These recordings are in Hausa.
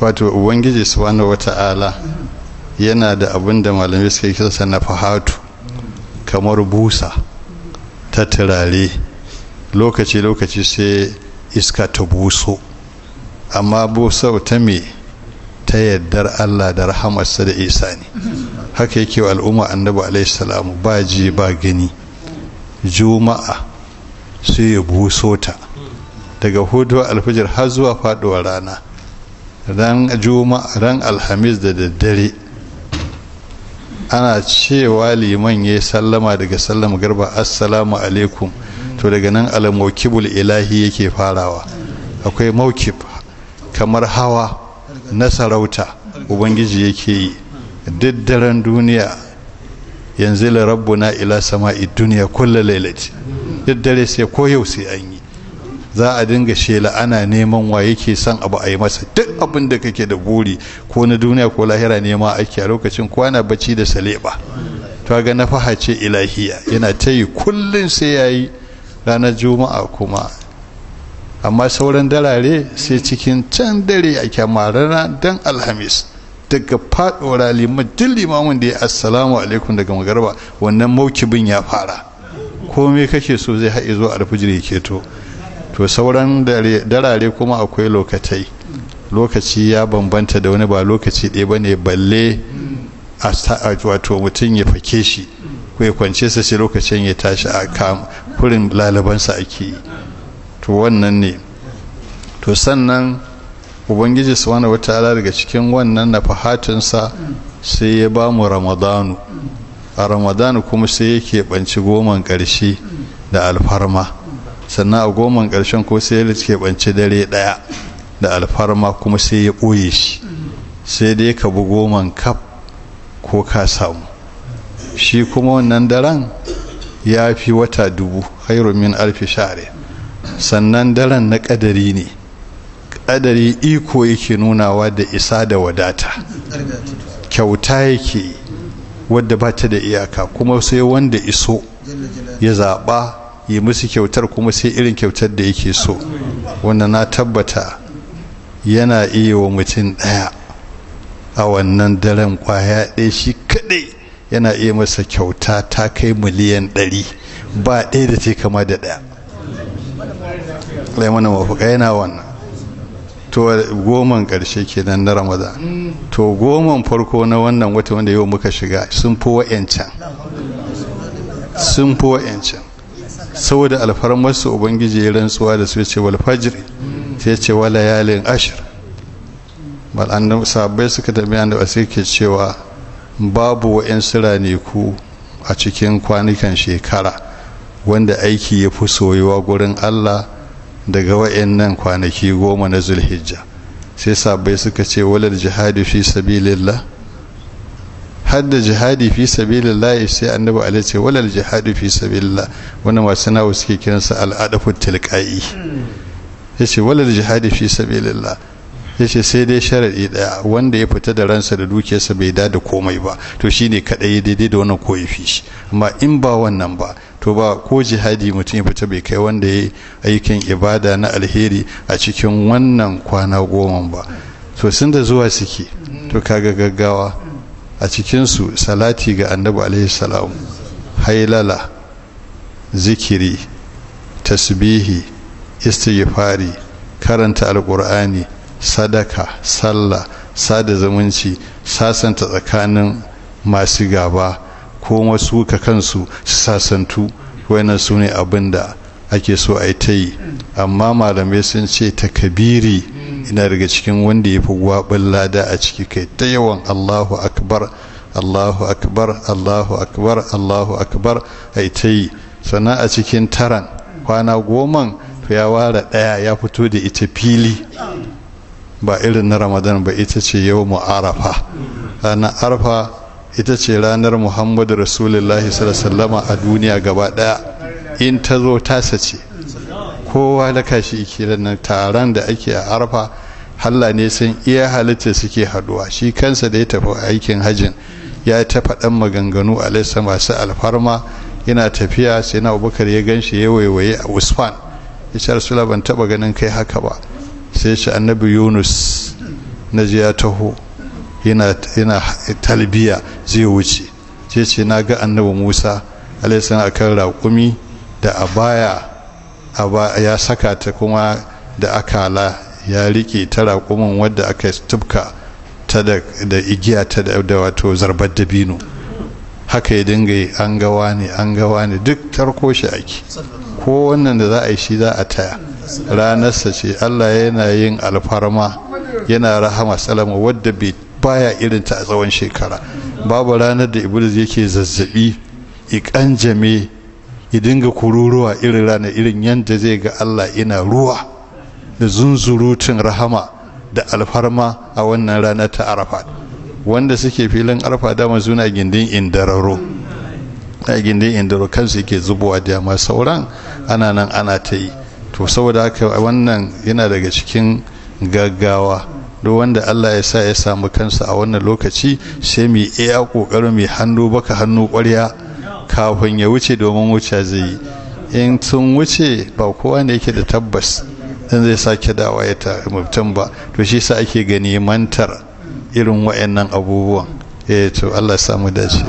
wato ubangiji subhanahu wata'ala yana da abin da malamai suka kisa na fahatu kamar busa ta turare lokaci-lokaci sai iska ta buso amma busa ta me ta yaddar allah da rahamarsa da isa ne haka yake wa al'umma annabi alaihi salamu ba ji ba gani juma'a sai ya buso ta daga hudu alfijir har zuwa faduwa rana ran juma ran alhamis da daddare ana cewa liman ya sallama daga sallam garba assalamu alaikum to daga nan alamokibul ilahi yake farawa akwai maukib kamar hawa na sarauta ubangiji yake yi daddaren duniya yanzu la rabbuna ila sama'i duniya kulla lailati daddare sai ko yau sai an yi za a dinga shela ana neman wa yake son abu a yi masa duk abin da kake da buri ko na duniya ko lahira nema ake a lokacin kwana bacci da saleba to ga na faha ce ilahiya yana ta yi kullum sai ya yi ranar juma'a kuma amma sauran darare sai cikin can dare a kyamarana dan alhamis daga faɗora liman duk limamin da ya assalamu alaikum daga magarba wannan maukibin ya fara komai kake so zai haɗe zuwa alfijir ya keto to sauran darare kuma akwai lokatai lokaci ya bambanta da wani ba lokaci ɗaya ba ne balle a wato mutum ya fake shi ko ya kwance sa sai lokacin ya tashi a kam kurin lalabansa ake yi to wannan ne to sannan ubangiji wata ala daga cikin wannan na fahatinsa sai ya ba mu ramadanu a ramadanu kuma sai yake banci goman ƙarshe da alfarma sannan a goman ƙarshen ko sai ya keɓance dare ɗaya da alfarma kuma sai ya ɓoye shi sai dai ka bi goman kaf ko ka samu shi kuma wannan daren ya fi wata dubu khairu min alfi share sannan daren na ƙadari ne ƙadari iko yake nunawa da isa da wadata kyauta yake wadda ba ta da iyaka kuma sai wanda iso ya zaɓa yi musu kyautar kuma sai irin kyautar da yake so wanda na tabbata yana iya wa mutum ɗaya a wannan daren kwaya ɗaya shi kaɗai yana iya masa kyauta ta kai miliyan ɗari ba ɗaya da ta kama da ɗaya laimana mafuka yana wannan to goman ƙarshe kenan na ramadan to goman farko na wannan wata wanda yau muka shiga sun fi wa'yancan sun fi wa'yancan saboda su ubangiji ya rantsuwa da su ce wal fajr sai ce wal layalin ashir bal an sabai suka tabi da sai ke cewa babu wa'in ku a cikin kwanukan shekara wanda aiki ya fi soyuwa gurin Allah daga nan kwanaki goma na zulhijja sai sabai suka ce walal jihadi fi sabilillah hadda jihadi fi sabilillah sai annabi alaihi ce walal jihadi fi sabilillah wannan masu nawa suke kiransa al'adafu tilqai yace walal jihadi fi sabilillah yace sai dai sharadi daya wanda ya fita da ransa da dukiyarsa bai da da komai ba to shine kadai daidai da wannan koyi fi shi amma in ba wannan ba to ba ko jihadi mutum ya fita bai kai wanda ya aikin ibada na alheri a cikin wannan kwana goma ba to sun da zuwa suke to kaga gaggawa a cikinsu salati ga annabi alaihi salam hailala zikiri tasbihi istighfari karanta alkur'ani sadaka sallah sada zumunci sasanta tsakanin masu gaba ko wasu ka kansu su sasantu wannan su ne abin da ake so a yi ta yi amma malamai sun ce takabiri ina daga cikin wanda ya fi gwaɓin lada a ciki kai ta yawan allahu akbar allahu akbar allahu akbar allahu akbar ai ta yi sannan a cikin taran kwana goman ya ware ɗaya ya fito da ita fili ba irin na ramadan ba ita ce yau mu arafa ranar arfa ita ce ranar muhammadu rasulullahi sallama a duniya gaba ɗaya in ta zo tasa ce kowa da kashi ke nan taron da ake a arfa halla ne sun iya halitta suke haduwa shi kansa da ya tafi aikin hajjin ya tafa faɗan maganganu a lissa masu alfarma yana tafiya sai na abubakar ya gan shi ya waiwaye a usman ya ce rasula ban taɓa ganin kai haka ba sai shi annabi yunus na ji ya taho yana talbiya zai wuce ce ce na ga annabi musa alaihi a kan raƙumi da baya. ya saka ta kuma da akala ya riƙe ta raƙumin wadda aka tubka ta da igiya ta da wato zarbar dabino haka ya dinga yi an gawa ne an gawa ne duk tarko shi ake ko wannan da za a yi shi za a taya ranarsa ce allah yana yin alfarma yana rahama salama wadda bai baya irin ta a tsawon shekara babu ranar da iblis yake zazzabi ikanjame ya dinga kururuwa irin rana irin yadda zai ga Allah ina ruwa da zunzurutun rahama da alfarma a wannan rana ta arafa wanda suke filin arafa dama zuna gindin indararo a gindin indaro kansu yake zubowa da ma sauran ana nan ana ta yi to saboda haka wannan yana daga cikin gaggawa duk wanda Allah ya sa ya samu kansa a wannan lokaci sai mu iya kokarin mu hannu baka hannu ƙwarya kafin ya wuce domin wuce zai yi in sun wuce ba kowa ne yake da tabbas dan zai sake dawa ya ta mutum ba to shi sa ake gani mantar irin wa'annan abubuwan eh to Allah samu dace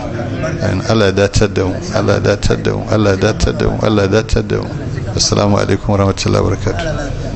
Allah datar da mu Allah datar da mu Allah datar da mu Allah datar da mu assalamu alaikum warahmatullahi wabarakatuh